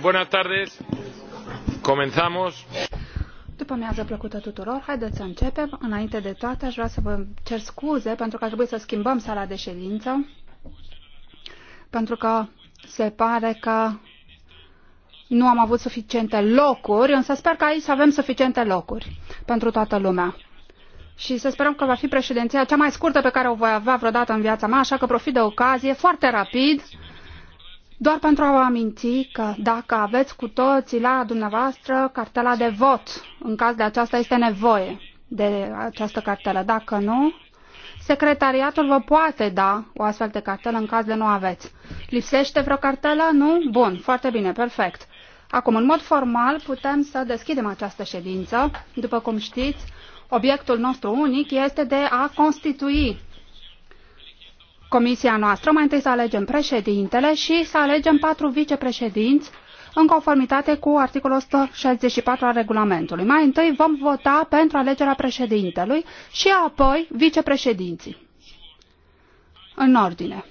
buenas tardes. Comenzamos. După mi-a plăcută tuturor, haideți să începem. Înainte de toate, aș vrea să vă cer scuze pentru că a trebui să schimbăm sala de ședință, pentru că se pare că nu am avut suficiente locuri, însă sper că aici să avem suficiente locuri pentru toată lumea și să sperăm că va fi președinția cea mai scurtă pe care o voi avea vreodată în viața mea, așa că profit de ocazie foarte rapid, doar pentru a vă aminti că dacă aveți cu toții la dumneavoastră cartela de vot, în caz de aceasta este nevoie de această cartelă. Dacă nu, secretariatul vă poate da o astfel de cartelă în caz de nu aveți. Lipsește vreo cartelă? Nu? Bun, foarte bine, perfect. Acum, în mod formal, putem să deschidem această ședință. După cum știți, obiectul nostru unic este de a constitui comisia noastră. Mai întâi să alegem președintele și să alegem patru vicepreședinți în conformitate cu articolul 164 al regulamentului. Mai întâi vom vota pentru alegerea președintelui și apoi vicepreședinții. În ordine.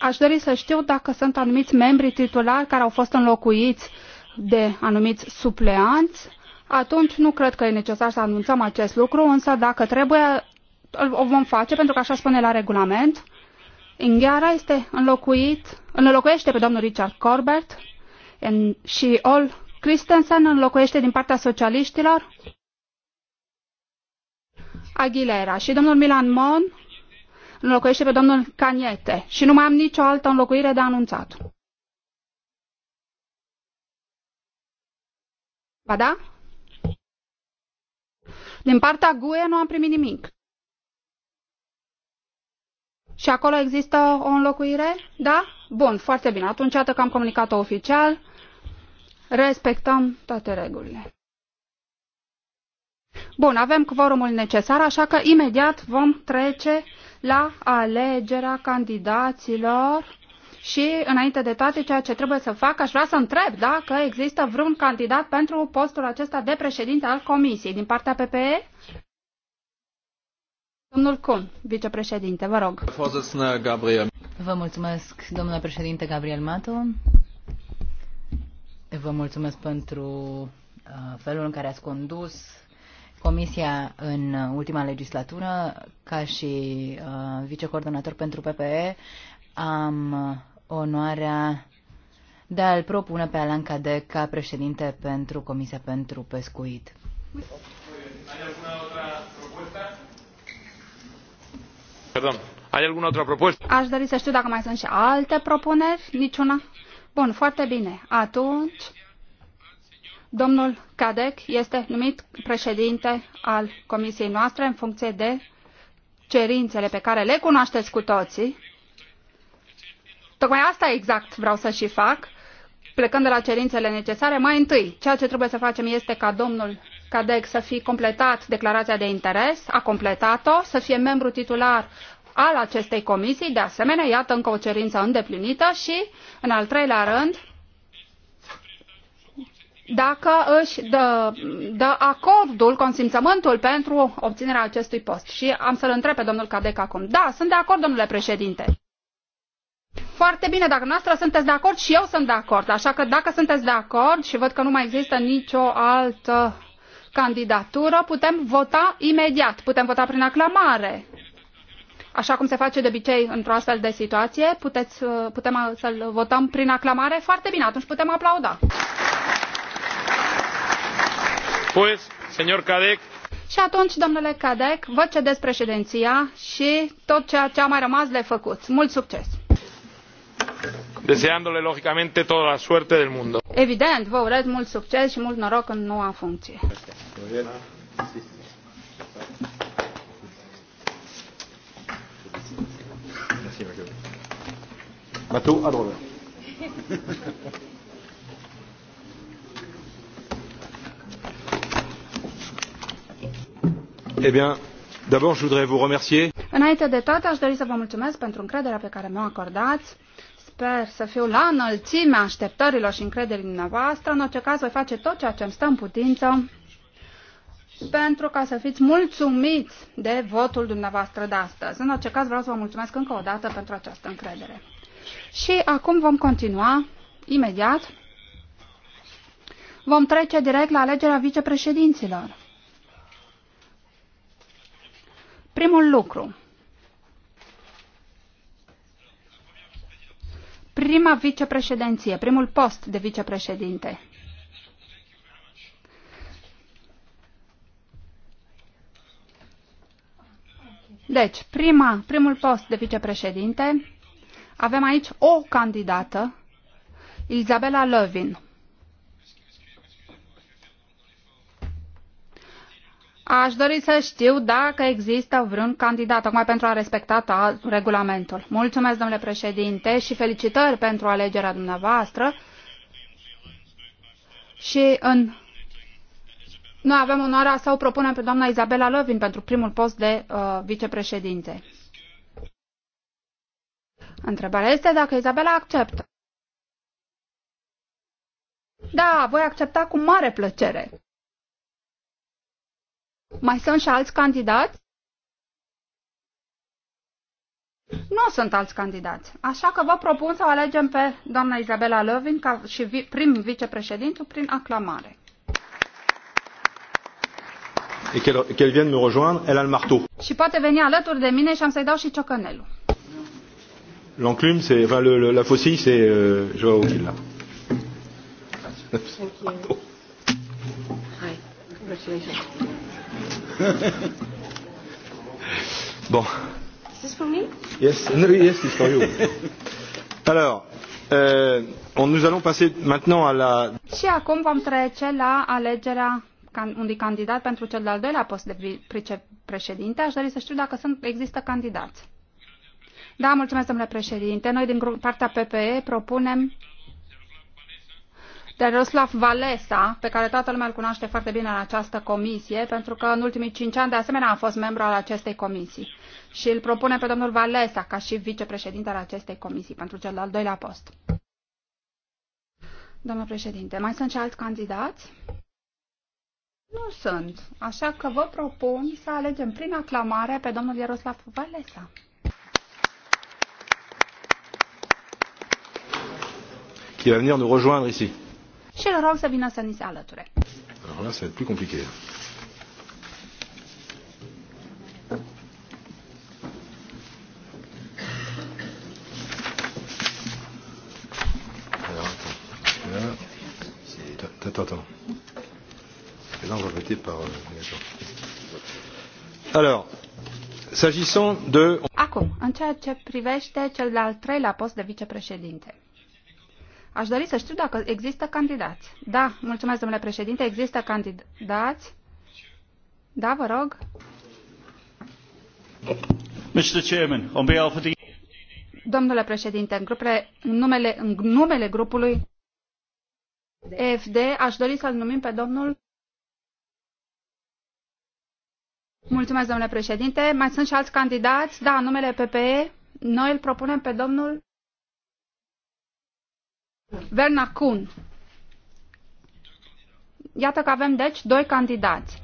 Aș dori să știu dacă sunt anumiți membri titulari care au fost înlocuiți de anumiți supleanți atunci nu cred că e necesar să anunțăm acest lucru, însă dacă trebuie, o vom face, pentru că așa spune la regulament. Inghiara este înlocuit, înlocuiește pe domnul Richard Corbett în, și Ol Christensen înlocuiește din partea socialiștilor Aguilera și domnul Milan Mon înlocuiește pe domnul Caniete și nu mai am nicio altă înlocuire de anunțat. Ba da? Din partea GUE nu am primit nimic. Și acolo există o înlocuire? Da? Bun, foarte bine. Atunci, atât că am comunicat-o oficial, respectăm toate regulile. Bun, avem cuvorumul necesar, așa că imediat vom trece la alegerea candidaților și înainte de toate ceea ce trebuie să fac, aș vrea să întreb dacă există vreun candidat pentru postul acesta de președinte al Comisiei din partea PPE? Domnul Kuhn, vicepreședinte, vă rog. Gabriel. Vă mulțumesc, domnule președinte Gabriel Mato. Vă mulțumesc pentru uh, felul în care ați condus Comisia în ultima legislatură, ca și uh, vicecoordonator pentru PPE, am uh, onoarea de a-l propune pe Alan Cadec ca președinte pentru Comisia pentru Pescuit. Aș dori să știu dacă mai sunt și alte propuneri, niciuna? Bun, foarte bine. Atunci, domnul Cadec este numit președinte al comisiei noastre în funcție de cerințele pe care le cunoașteți cu toții Tocmai asta exact vreau să și fac, plecând de la cerințele necesare. Mai întâi, ceea ce trebuie să facem este ca domnul Cadec să fie completat declarația de interes, a completat-o, să fie membru titular al acestei comisii, de asemenea, iată încă o cerință îndeplinită și, în al treilea rând, dacă își dă, dă acordul, consimțământul pentru obținerea acestui post. Și am să-l întreb pe domnul Cadec acum. Da, sunt de acord, domnule președinte. Foarte bine, dacă noastră sunteți de acord și eu sunt de acord. Așa că dacă sunteți de acord și văd că nu mai există nicio altă candidatură, putem vota imediat, putem vota prin aclamare. Așa cum se face de obicei într-o astfel de situație, puteți, uh, putem uh, să-l votăm prin aclamare foarte bine, atunci putem aplauda. Pues, señor Cadec. Și atunci, domnule Cadec, vă cedeți președinția și tot ceea ce a mai rămas de făcut. Mult succes! deseándole lógicamente toda la suerte del mundo. Evident, vă urez mult succes și mult noroc în noua funcție. Bateau à l'envers. eh bien, d'abord, je voudrais vous remercier. Înainte de toate, aș dori să vă mulțumesc pentru încrederea pe care mi-o acordați Sper să fiu la înălțimea așteptărilor și încrederii dumneavoastră. În orice caz, voi face tot ceea ce îmi stă în putință pentru ca să fiți mulțumiți de votul dumneavoastră de astăzi. În orice caz, vreau să vă mulțumesc încă o dată pentru această încredere. Și acum vom continua imediat. Vom trece direct la alegerea vicepreședinților. Primul lucru. prima vicepreședinție, primul post de vicepreședinte. Deci, prima, primul post de vicepreședinte, avem aici o candidată, Izabela Lovin. Aș dori să știu dacă există vreun candidat, tocmai pentru a respecta regulamentul. Mulțumesc, domnule președinte, și felicitări pentru alegerea dumneavoastră. Și în... noi avem onoarea să o propunem pe doamna Izabela Lovin pentru primul post de uh, vicepreședinte. Întrebarea este dacă Izabela acceptă. Da, voi accepta cu mare plăcere. Mai sunt și alți candidați? Nu sunt alți candidați, așa că vă propun să o alegem pe doamna Isabela Lovin ca și vi prim vicepreședinte prin aclamare. Et qu'elle qu, vienne me rejoindre, elle a le marteau. Și poate veni alături de mine și am să-i dau și ciocanelul. L'enclume, c'est, enfin, le, le, la faucille, c'est euh, Joao qui l'a. bon. this for me? Yes, no, yes, it's for you. Alors, euh, on, nous allons passer maintenant à la... Și acum vom trece la alegerea can, unui candidat pentru cel de-al doilea post de președinte. Aș dori să știu dacă sunt, există candidați. Da, mulțumesc, domnule președinte. Noi din partea PPE propunem de Roslav Valesa, pe care toată lumea îl cunoaște foarte bine în această comisie, pentru că în ultimii cinci ani de asemenea a fost membru al acestei comisii. Și îl propune pe domnul Valesa ca și vicepreședinte al acestei comisii pentru cel de-al doilea post. Domnul președinte, mai sunt și alți candidați? Nu sunt, așa că vă propun să alegem prin aclamare pe domnul Iaroslav Valesa. qui va venir nous rejoindre ici și îl rog să vină să ni se alăture. Alors là, ça va plus compliqué. de. Acum, în ceea ce privește cel de-al treilea post de vicepreședinte. Aș dori să știu dacă există candidați. Da, mulțumesc, domnule președinte, există candidați. Da, vă rog. Mr. Chairman, on behalf of the... Domnule președinte, în, grupele, în, numele, în numele grupului EFD aș dori să-l numim pe domnul... Mulțumesc, domnule președinte. Mai sunt și alți candidați? Da, în numele PPE. Noi îl propunem pe domnul... Verna Kuhn. Iată că avem, deci, doi candidați.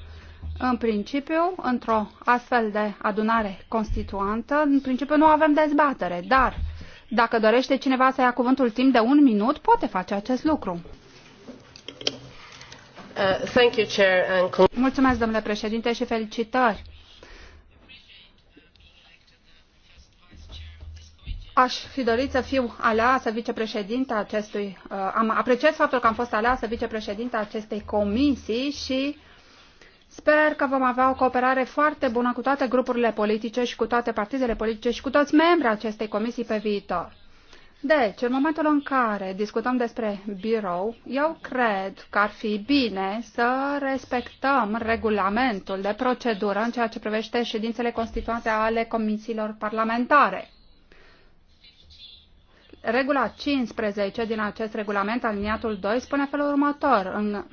În principiu, într-o astfel de adunare constituantă, în principiu nu avem dezbatere, dar dacă dorește cineva să ia cuvântul timp de un minut, poate face acest lucru. Uh, thank you, Chair, and... Mulțumesc, domnule președinte, și felicitări Aș fi dorit să fiu aleasă vicepreședinta acestui, uh, am apreciat faptul că am fost aleasă vicepreședinta acestei comisii și sper că vom avea o cooperare foarte bună cu toate grupurile politice și cu toate partidele politice și cu toți membrii acestei comisii pe viitor. Deci, în momentul în care discutăm despre birou, eu cred că ar fi bine să respectăm regulamentul de procedură în ceea ce privește ședințele constituante ale comisiilor parlamentare. Regula 15 din acest regulament, aliniatul 2, spune felul următor. În,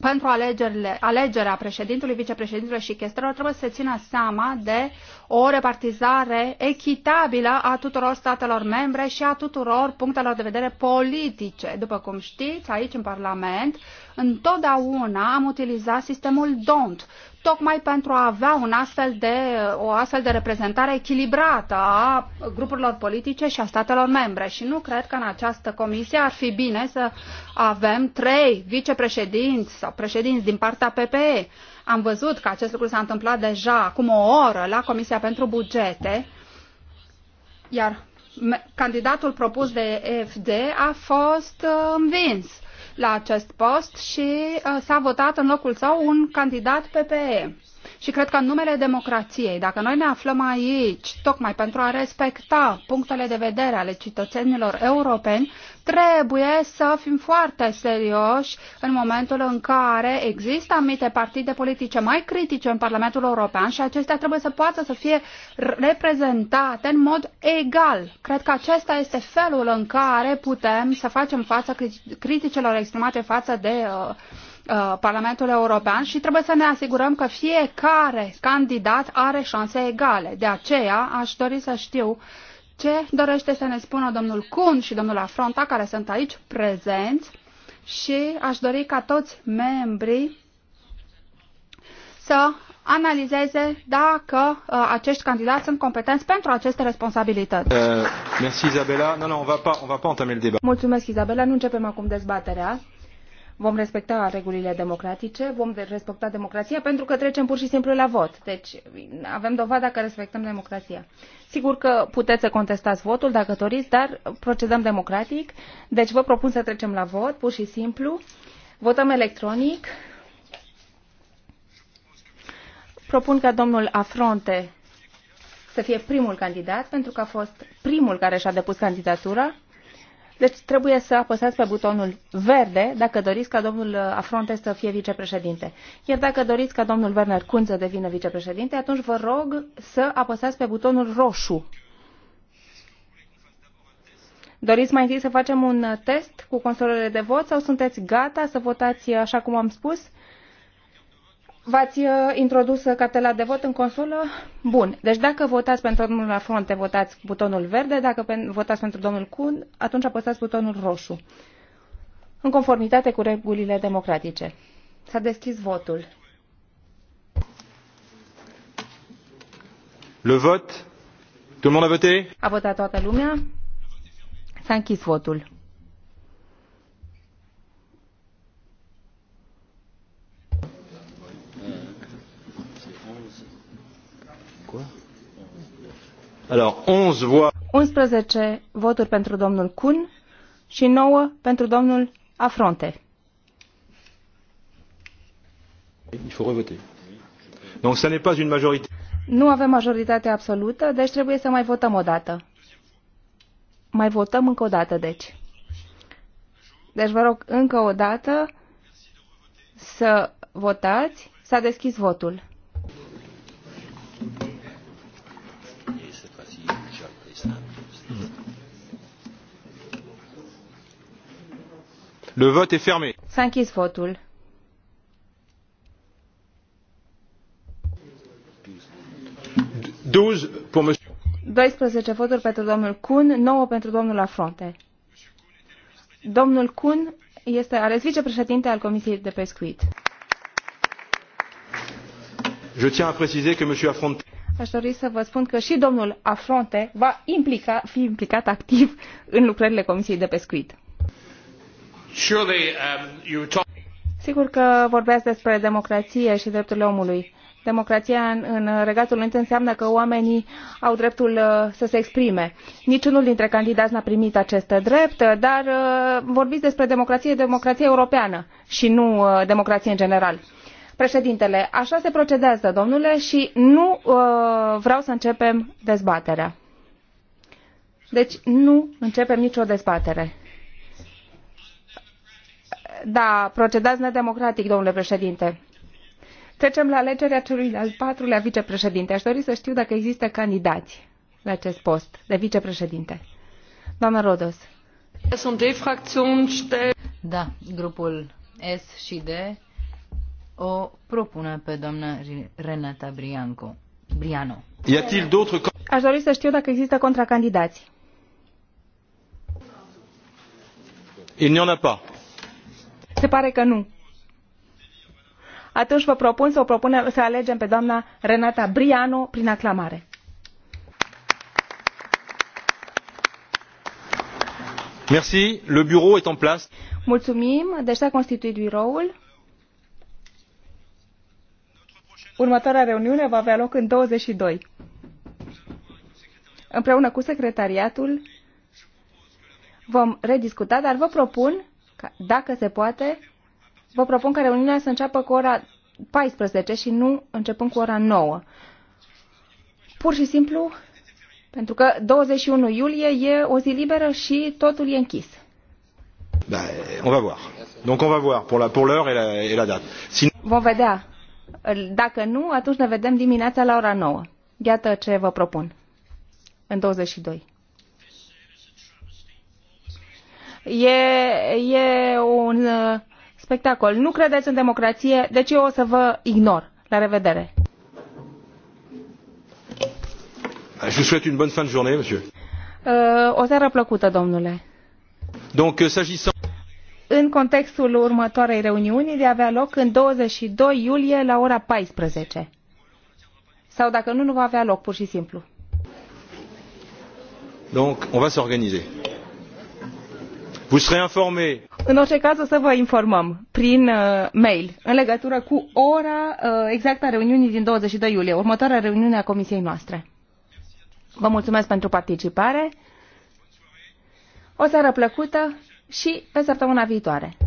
pentru alegerile, alegerea președintului, vicepreședintelui și chestelor trebuie să se țină seama de o repartizare echitabilă a tuturor statelor membre și a tuturor punctelor de vedere politice. După cum știți, aici în Parlament, întotdeauna am utilizat sistemul DONT tocmai pentru a avea un astfel de, o astfel de reprezentare echilibrată a grupurilor politice și a statelor membre. Și nu cred că în această comisie ar fi bine să avem trei vicepreședinți sau președinți din partea PPE. Am văzut că acest lucru s-a întâmplat deja acum o oră la Comisia pentru Bugete, iar candidatul propus de EFD a fost uh, învins. Uh, la acest post și uh, s-a votat în locul său un candidat PPE. Și cred că în numele democrației, dacă noi ne aflăm aici tocmai pentru a respecta punctele de vedere ale cetățenilor europeni, trebuie să fim foarte serioși în momentul în care există anumite partide politice mai critice în Parlamentul European și acestea trebuie să poată să fie reprezentate în mod egal. Cred că acesta este felul în care putem să facem față criticilor exprimate față de uh, Uh, Parlamentul European și trebuie să ne asigurăm că fiecare candidat are șanse egale. De aceea aș dori să știu ce dorește să ne spună domnul Kun și domnul Afronta, care sunt aici prezenți, și aș dori ca toți membrii să analizeze dacă uh, acești candidați sunt competenți pentru aceste responsabilități. Uh, merci Isabela. Non, non, on va pas, on va pas le débat. Mulțumesc Isabella. nu începem acum dezbaterea vom respecta regulile democratice, vom respecta democrația pentru că trecem pur și simplu la vot. Deci avem dovada că respectăm democrația. Sigur că puteți să contestați votul dacă doriți, dar procedăm democratic. Deci vă propun să trecem la vot, pur și simplu. Votăm electronic. Propun ca domnul Afronte să fie primul candidat, pentru că a fost primul care și-a depus candidatura. Deci trebuie să apăsați pe butonul verde dacă doriți ca domnul Afronte să fie vicepreședinte. Iar dacă doriți ca domnul Werner Kunz să devină vicepreședinte, atunci vă rog să apăsați pe butonul roșu. Doriți mai întâi să facem un test cu consolele de vot sau sunteți gata să votați așa cum am spus? V-ați uh, introdus cartela de vot în consolă? Bun. Deci dacă votați pentru domnul Afronte, votați butonul verde. Dacă votați pentru domnul Kuhn, atunci apăsați butonul roșu. În conformitate cu regulile democratice. S-a deschis votul. Le vot. Tout le monde a voté? A votat toată lumea. S-a închis votul. Alors, 11 voix. 11 voturi pentru domnul Kun și 9 pentru domnul Afronte. Il faut revoter. Donc ça n'est pas une majorité. Nu avem majoritate absolută, deci trebuie să mai votăm o dată. Mai votăm încă o dată, deci. Deci vă rog încă o dată să votați. S-a deschis votul. Le vote est fermé. S-a închis votul. Pour monsieur... 12 voturi pentru domnul Kuhn, 9 pentru domnul Afronte. Domnul Kuhn este ales vicepreședinte al Comisiei de Pescuit. Je tiens à préciser que monsieur Affronte Aș dori să vă spun că și domnul Afronte va implica, fi implicat activ în lucrările Comisiei de Pescuit. Um, Sigur că vorbeați despre democrație și drepturile omului. Democrația în, în Regatul Unit înseamnă că oamenii au dreptul uh, să se exprime. Niciunul dintre candidați n-a primit acest drept, uh, dar uh, vorbiți despre democrație, democrație europeană și nu uh, democrație în general. Președintele, așa se procedează, domnule, și nu uh, vreau să începem dezbaterea. Deci nu începem nicio dezbatere. Da, procedați nedemocratic, domnule președinte. Trecem la alegerea celui de-al patrulea vicepreședinte. Aș dori să știu dacă există candidați la acest post de vicepreședinte. Doamna Rodos. Da, grupul S și D o propune pe doamna Renata Brianco. Briano. Aș dori să știu dacă există contracandidați. Il n'y en a pas. Se pare că nu. Atunci vă propun să, o propune, să alegem pe doamna Renata Briano prin aclamare. Merci. Le bureau est en place. Mulțumim. Deci s-a constituit biroul. Următoarea reuniune va avea loc în 22. Împreună cu secretariatul vom rediscuta, dar vă propun dacă se poate, vă propun ca reuniunea să înceapă cu ora 14 și nu începând cu ora 9. Pur și simplu, pentru că 21 iulie e o zi liberă și totul e închis. Bah, on va voir. Donc on va voir pour la pour l'heure et la, et la date. Vom vedea. Dacă nu, atunci ne vedem dimineața la ora 9. Iată ce vă propun. În 22. E, e un uh, spectacol. Nu credeți în democrație, deci eu o să vă ignor. La revedere! Ah, je vous souhaite une bonne fin de journée, monsieur. Uh, o seară plăcută, domnule. Donc, euh, s'agissant... În contextul următoarei reuniuni de avea loc în 22 iulie la ora 14. Sau dacă nu, nu va avea loc, pur și simplu. Donc, on va s'organiser. Vous serez informé. În orice caz o să vă informăm prin uh, mail în legătură cu ora uh, exactă a reuniunii din 22 iulie, următoarea reuniune a comisiei noastre. Vă mulțumesc pentru participare. O seară plăcută și pe săptămâna viitoare.